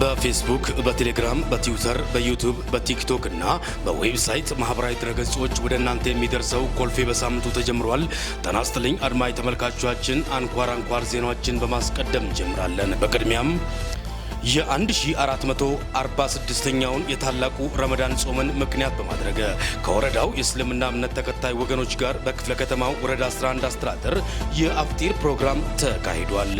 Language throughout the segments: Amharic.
በፌስቡክ፣ በቴሌግራም፣ በትዊተር፣ በዩቱብ፣ በቲክቶክ እና በዌብሳይት ማህበራዊ ድረገጾች ወደ እናንተ የሚደርሰው ኮልፌ በሳምንቱ ተጀምሯል። ጤና ይስጥልኝ አድማጭ ተመልካቾቻችን፣ አንኳር አንኳር ዜናዎችን በማስቀደም እንጀምራለን። በቅድሚያም የ1446ኛውን የታላቁ ረመዳን ጾምን ምክንያት በማድረግ ከወረዳው የእስልምና እምነት ተከታይ ወገኖች ጋር በክፍለ ከተማው ወረዳ 11 አስተዳደር የአፍጢር ፕሮግራም ተካሂዷል።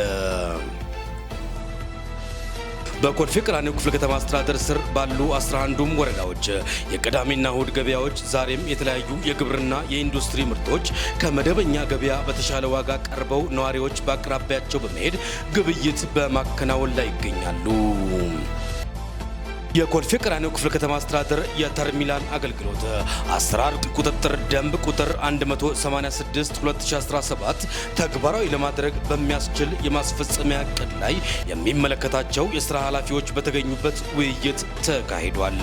በኮልፌ ቀራኒዮ ክፍለ ከተማ አስተዳደር ስር ባሉ 11ዱም ወረዳዎች የቅዳሜና እሁድ ገበያዎች ዛሬም የተለያዩ የግብርና የኢንዱስትሪ ምርቶች ከመደበኛ ገበያ በተሻለ ዋጋ ቀርበው ነዋሪዎች በአቅራቢያቸው በመሄድ ግብይት በማከናወን ላይ ይገኛሉ። የኮልፌ ቀራኒዮ ክፍለ ከተማ አስተዳደር የተርሚናል አገልግሎት አሰራር ቁጥጥር ደንብ ቁጥር 186 2017 ተግባራዊ ለማድረግ በሚያስችል የማስፈጸሚያ እቅድ ላይ የሚመለከታቸው የስራ ኃላፊዎች በተገኙበት ውይይት ተካሂዷል።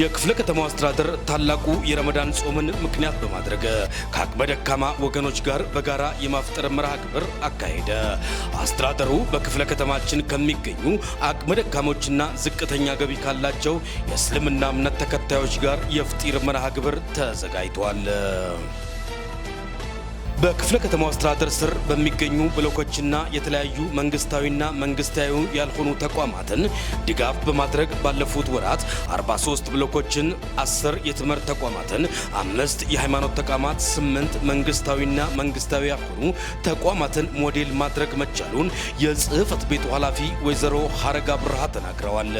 የክፍለ ከተማው አስተዳደር ታላቁ የረመዳን ጾምን ምክንያት በማድረግ ከአቅመ ደካማ ወገኖች ጋር በጋራ የማፍጠር መርሃ ግብር አካሄደ። አስተዳደሩ በክፍለ ከተማችን ከሚገኙ አቅመ ደካሞችና ዝቅተኛ ገቢ ካላቸው የእስልምና እምነት ተከታዮች ጋር የፍጢር መርሃ ግብር ተዘጋጅቷል። በክፍለ ከተማ አስተዳደር ስር በሚገኙ ብሎኮችና የተለያዩ መንግስታዊና መንግስታዊ ያልሆኑ ተቋማትን ድጋፍ በማድረግ ባለፉት ወራት 43 ብሎኮችን፣ 10 የትምህርት ተቋማትን፣ አምስት የሃይማኖት ተቋማት፣ ስምንት መንግስታዊና መንግስታዊ ያልሆኑ ተቋማትን ሞዴል ማድረግ መቻሉን የጽህፈት ቤቱ ኃላፊ ወይዘሮ ሀረጋ ብርሃ ተናግረዋል።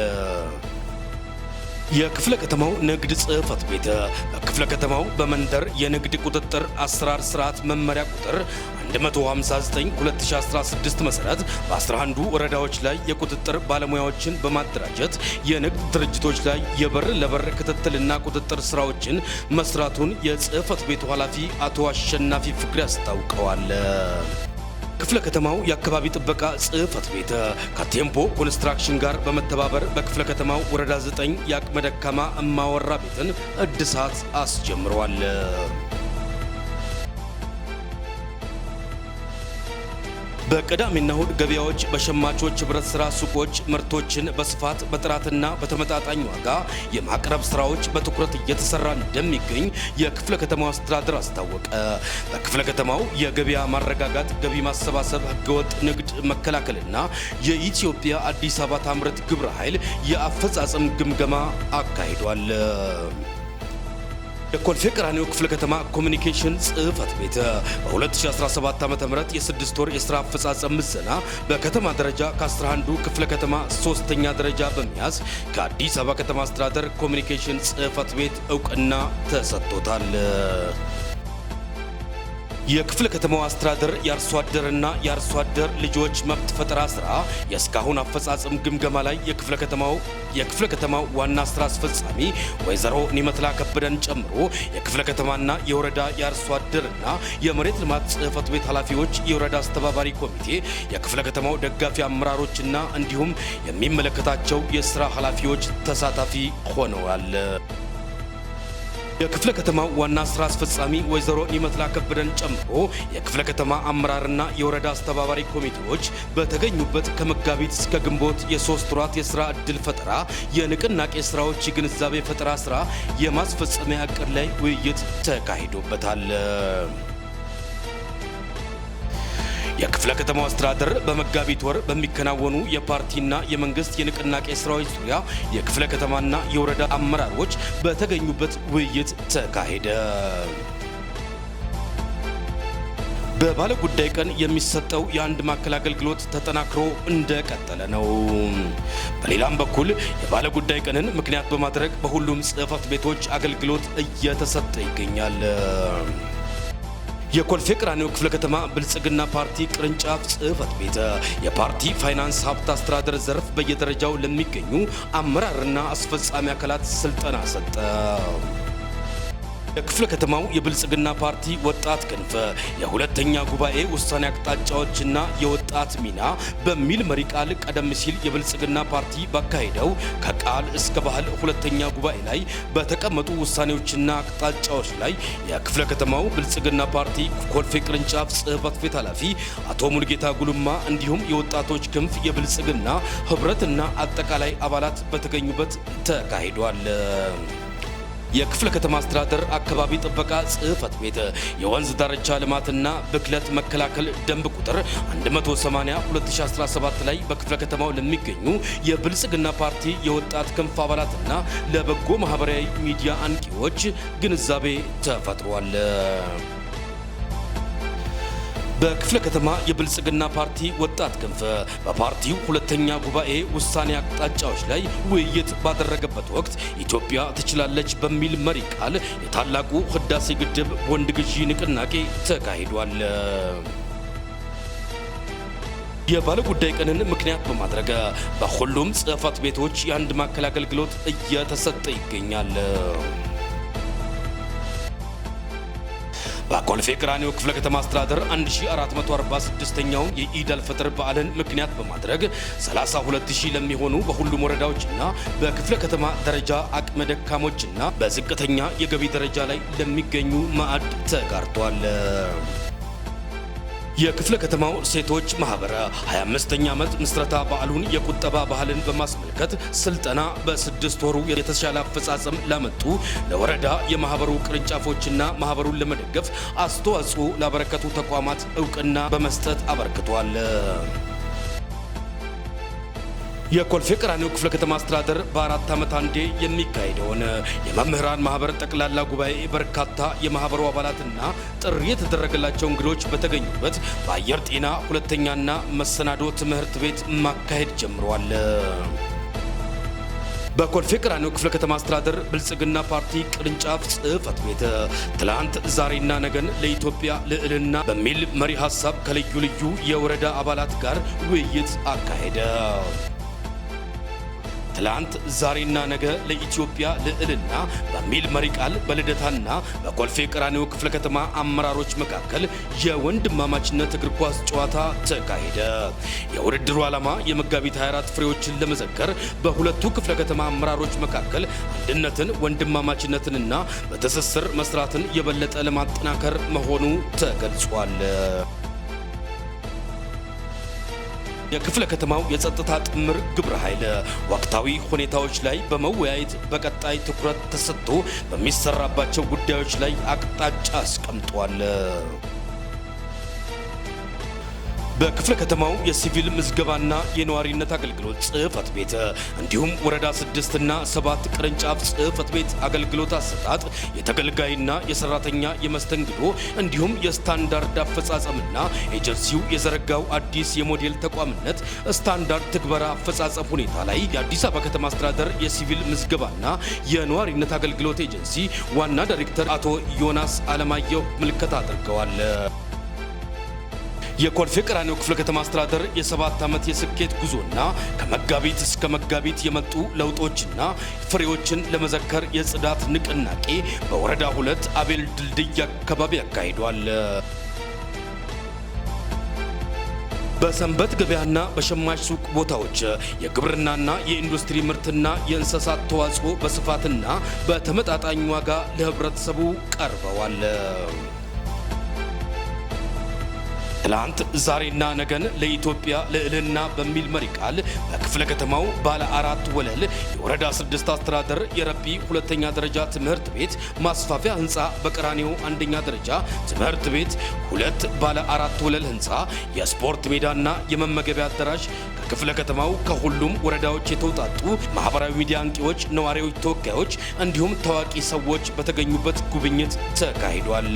የክፍለ ከተማው ንግድ ጽህፈት ቤት በክፍለ ከተማው በመንደር የንግድ ቁጥጥር አሰራር ስርዓት መመሪያ ቁጥር 159/2016 መሰረት በ11ዱ ወረዳዎች ላይ የቁጥጥር ባለሙያዎችን በማደራጀት የንግድ ድርጅቶች ላይ የበር ለበር ክትትልና ቁጥጥር ስራዎችን መስራቱን የጽህፈት ቤቱ ኃላፊ አቶ አሸናፊ ፍቅሪ አስታውቀዋል። ክፍለ ከተማው የአካባቢ ጥበቃ ጽህፈት ቤት ከቴምፖ ኮንስትራክሽን ጋር በመተባበር በክፍለ ከተማው ወረዳ 9 የአቅመ ደካማ እማወራ ቤትን እድሳት አስጀምረዋል። በቅዳሜና እሁድ ገበያዎች በሸማቾች ህብረት ስራ ሱቆች ምርቶችን በስፋት በጥራትና በተመጣጣኝ ዋጋ የማቅረብ ስራዎች በትኩረት እየተሰራ እንደሚገኝ የክፍለ ከተማው አስተዳደር አስታወቀ። በክፍለ ከተማው የገበያ ማረጋጋት፣ ገቢ ማሰባሰብ፣ ህገወጥ ንግድ መከላከልና የኢትዮጵያ አዲስ አበባ ታምረት ግብረ ኃይል የአፈጻጸም ግምገማ አካሂዷል። የኮልፌ ቀራኒዮ ክፍለ ከተማ ኮሚኒኬሽን ጽህፈት ቤት በ2017 ዓ ም የስድስት ወር የስራ አፈጻጸም ምዘና በከተማ ደረጃ ከ11ዱ ክፍለ ከተማ ሶስተኛ ደረጃ በመያዝ ከአዲስ አበባ ከተማ አስተዳደር ኮሚኒኬሽን ጽህፈት ቤት እውቅና ተሰጥቶታል። የክፍለ ከተማው አስተዳደር የአርሶ አደርና የአርሶ አደር ልጆች መብት ፈጠራ ስራ የእስካሁን አፈጻጸም ግምገማ ላይ የክፍለ ከተማው የክፍለ ከተማው ዋና ስራ አስፈጻሚ ወይዘሮ ኒመትላ ከበደን ጨምሮ የክፍለ ከተማና የወረዳ የአርሶ አደርና የመሬት ልማት ጽህፈት ቤት ኃላፊዎች፣ የወረዳ አስተባባሪ ኮሚቴ፣ የክፍለ ከተማው ደጋፊ አመራሮችና እንዲሁም የሚመለከታቸው የስራ ኃላፊዎች ተሳታፊ ሆነዋል። የክፍለ ከተማ ዋና ስራ አስፈጻሚ ወይዘሮ ይመትላ ከበደን ጨምሮ የክፍለ ከተማ አመራርና የወረዳ አስተባባሪ ኮሚቴዎች በተገኙበት ከመጋቢት እስከ ግንቦት የሶስት ወራት የስራ እድል ፈጠራ የንቅናቄ ስራዎች የግንዛቤ ፈጠራ ስራ የማስፈጸሚያ እቅድ ላይ ውይይት ተካሂዶበታል። የክፍለ ከተማው አስተዳደር በመጋቢት ወር በሚከናወኑ የፓርቲና የመንግስት የንቅናቄ ስራዎች ዙሪያ የክፍለ ከተማና የወረዳ አመራሮች በተገኙበት ውይይት ተካሄደ። በባለ ጉዳይ ቀን የሚሰጠው የአንድ ማዕከል አገልግሎት ተጠናክሮ እንደቀጠለ ነው። በሌላም በኩል የባለ ጉዳይ ቀንን ምክንያት በማድረግ በሁሉም ጽህፈት ቤቶች አገልግሎት እየተሰጠ ይገኛል። የኮልፌ ቀራኒዮ ክፍለ ከተማ ብልጽግና ፓርቲ ቅርንጫፍ ጽህፈት ቤት የፓርቲ ፋይናንስ ሀብት አስተዳደር ዘርፍ በየደረጃው ለሚገኙ አመራርና አስፈጻሚ አካላት ስልጠና ሰጠ። የክፍለ ከተማው የብልጽግና ፓርቲ ወጣት ክንፍ የሁለተኛ ጉባኤ ውሳኔ አቅጣጫዎችና የወጣት ሚና በሚል መሪ ቃል ቀደም ሲል የብልጽግና ፓርቲ ባካሄደው ከቃል እስከ ባህል ሁለተኛ ጉባኤ ላይ በተቀመጡ ውሳኔዎችና አቅጣጫዎች ላይ የክፍለ ከተማው ብልጽግና ፓርቲ ኮልፌ ቅርንጫፍ ጽህፈት ቤት ኃላፊ አቶ ሙልጌታ ጉልማ እንዲሁም የወጣቶች ክንፍ የብልጽግና ህብረትና አጠቃላይ አባላት በተገኙበት ተካሂዷል። የክፍለ ከተማ አስተዳደር አካባቢ ጥበቃ ጽህፈት ቤት የወንዝ ዳርቻ ልማትና ብክለት መከላከል ደንብ ቁጥር 180/2017 ላይ በክፍለ ከተማው ለሚገኙ የብልጽግና ፓርቲ የወጣት ክንፍ አባላትና ለበጎ ማህበራዊ ሚዲያ አንቂዎች ግንዛቤ ተፈጥሯል። በክፍለ ከተማ የብልጽግና ፓርቲ ወጣት ክንፍ በፓርቲው ሁለተኛ ጉባኤ ውሳኔ አቅጣጫዎች ላይ ውይይት ባደረገበት ወቅት ኢትዮጵያ ትችላለች በሚል መሪ ቃል የታላቁ ህዳሴ ግድብ ወንድ ግዢ ንቅናቄ ተካሂዷል። የባለ ጉዳይ ቀንን ምክንያት በማድረግ በሁሉም ጽህፈት ቤቶች የአንድ ማዕከል አገልግሎት እየተሰጠ ይገኛል። በኮልፌ ቀራኒዮ ክፍለ ከተማ አስተዳደር 1446ኛው የኢዳል ፍጥር በዓልን ምክንያት በማድረግ 32000 ለሚሆኑ በሁሉም ወረዳዎችና በክፍለ ከተማ ደረጃ አቅመ ደካሞችና በዝቅተኛ የገቢ ደረጃ ላይ ለሚገኙ ማዕድ ተጋርቷል። የክፍለ ከተማው ሴቶች ማህበር 25ኛ ዓመት ምስረታ በዓሉን የቁጠባ ባህልን በማስመልከት ስልጠና በስድስት ወሩ የተሻለ አፈጻጸም ላመጡ ለወረዳ የማህበሩ ቅርንጫፎችና ማህበሩን ለመደገፍ አስተዋጽኦ ላበረከቱ ተቋማት እውቅና በመስጠት አበርክቷል። የኮልፌ ቀራኒዮ ክፍለ ከተማ አስተዳደር በአራት ዓመት አንዴ ሆነ የመምህራን ማህበር ጠቅላላ ጉባኤ በርካታ የማህበሩ አባላትና ጥሪ የተደረገላቸው እንግዶች በተገኙበት በአየር ጤና ሁለተኛና መሰናዶ ትምህርት ቤት ማካሄድ ጀምረዋል። በኮልፌ ቀራኒዮ ክፍለ ከተማ አስተዳደር ብልጽግና ፓርቲ ቅርንጫፍ ጽህፈት ቤት ትላንት ዛሬና ነገን ለኢትዮጵያ ልዕልና በሚል መሪ ሀሳብ ከልዩ ልዩ የወረዳ አባላት ጋር ውይይት አካሄደ። ትላንት ዛሬና ነገ ለኢትዮጵያ ልዕልና በሚል መሪ ቃል በልደታና በኮልፌ ቀራኒዮ ክፍለ ከተማ አመራሮች መካከል የወንድማማችነት እግር ኳስ ጨዋታ ተካሄደ። የውድድሩ ዓላማ የመጋቢት 24 ፍሬዎችን ለመዘከር በሁለቱ ክፍለ ከተማ አመራሮች መካከል አንድነትን፣ ወንድማማችነትንና በትስስር መስራትን የበለጠ ለማጠናከር መሆኑ ተገልጿል። የክፍለ ከተማው የጸጥታ ጥምር ግብረ ኃይል ወቅታዊ ሁኔታዎች ላይ በመወያየት በቀጣይ ትኩረት ተሰጥቶ በሚሰራባቸው ጉዳዮች ላይ አቅጣጫ አስቀምጧል። በክፍለ ከተማው የሲቪል ምዝገባና የነዋሪነት አገልግሎት ጽህፈት ቤት እንዲሁም ወረዳ ስድስትና ሰባት ቅርንጫፍ ጽህፈት ቤት አገልግሎት አሰጣጥ የተገልጋይና የሰራተኛ የመስተንግዶ እንዲሁም የስታንዳርድ አፈጻጸምና ኤጀንሲው የዘረጋው አዲስ የሞዴል ተቋምነት ስታንዳርድ ትግበራ አፈጻጸም ሁኔታ ላይ የአዲስ አበባ ከተማ አስተዳደር የሲቪል ምዝገባና የነዋሪነት አገልግሎት ኤጀንሲ ዋና ዳይሬክተር አቶ ዮናስ አለማየሁ ምልከታ አድርገዋል። የኮልፌ ቀራኒዮ ክፍለ ከተማ አስተዳደር የሰባት ዓመት የስኬት ጉዞና ከመጋቢት እስከ መጋቢት የመጡ ለውጦችና ፍሬዎችን ለመዘከር የጽዳት ንቅናቄ በወረዳ ሁለት አቤል ድልድይ አካባቢ አካሂዷል። በሰንበት ገበያና በሸማች ሱቅ ቦታዎች የግብርናና የኢንዱስትሪ ምርትና የእንስሳት ተዋጽኦ በስፋትና በተመጣጣኝ ዋጋ ለህብረተሰቡ ቀርበዋል። ትላንት ዛሬና ነገን ለኢትዮጵያ ልዕልና በሚል መሪ ቃል በክፍለ ከተማው ባለ አራት ወለል የወረዳ ስድስት አስተዳደር የረቢ ሁለተኛ ደረጃ ትምህርት ቤት ማስፋፊያ ህንፃ በቀራኒው አንደኛ ደረጃ ትምህርት ቤት ሁለት ባለ አራት ወለል ህንፃ የስፖርት ሜዳና የመመገቢያ አዳራሽ ከክፍለ ከተማው ከሁሉም ወረዳዎች የተውጣጡ ማህበራዊ ሚዲያ አንቂዎች፣ ነዋሪዎች፣ ተወካዮች እንዲሁም ታዋቂ ሰዎች በተገኙበት ጉብኝት ተካሂዷል።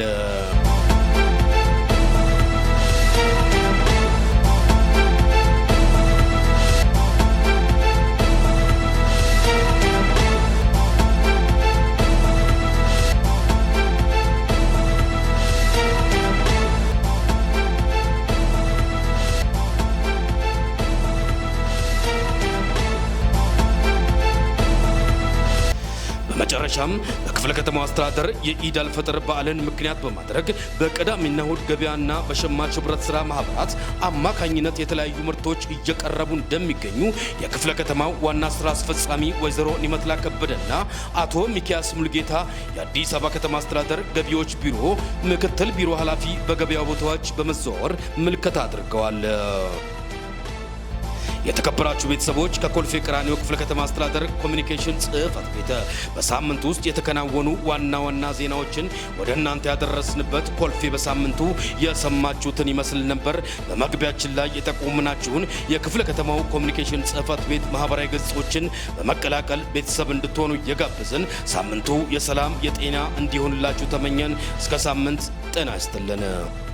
በመጨረሻም በክፍለ ከተማው አስተዳደር የኢዳል ፈጥር በዓልን ምክንያት በማድረግ በቀዳሚና እሁድ ገበያና በሸማች ህብረት ስራ ማህበራት አማካኝነት የተለያዩ ምርቶች እየቀረቡ እንደሚገኙ የክፍለ ከተማው ዋና ስራ አስፈጻሚ ወይዘሮ ኒመትላ ከበደና አቶ ሚኪያስ ሙልጌታ የአዲስ አበባ ከተማ አስተዳደር ገቢዎች ቢሮ ምክትል ቢሮ ኃላፊ በገበያ ቦታዎች በመዘዋወር ምልከታ አድርገዋል። የተከበራችሁ ቤተሰቦች ከኮልፌ ቀራኒዮ ክፍለ ከተማ አስተዳደር ኮሚኒኬሽን ጽህፈት ቤት በሳምንት ውስጥ የተከናወኑ ዋና ዋና ዜናዎችን ወደ እናንተ ያደረስንበት ኮልፌ በሳምንቱ የሰማችሁትን ይመስል ነበር። በመግቢያችን ላይ የጠቆምናችሁን የክፍለ ከተማው ኮሚኒኬሽን ጽህፈት ቤት ማህበራዊ ገጾችን በመቀላቀል ቤተሰብ እንድትሆኑ እየጋበዝን ሳምንቱ የሰላም የጤና እንዲሆንላችሁ ተመኘን። እስከ ሳምንት ጤና ይስጥልን።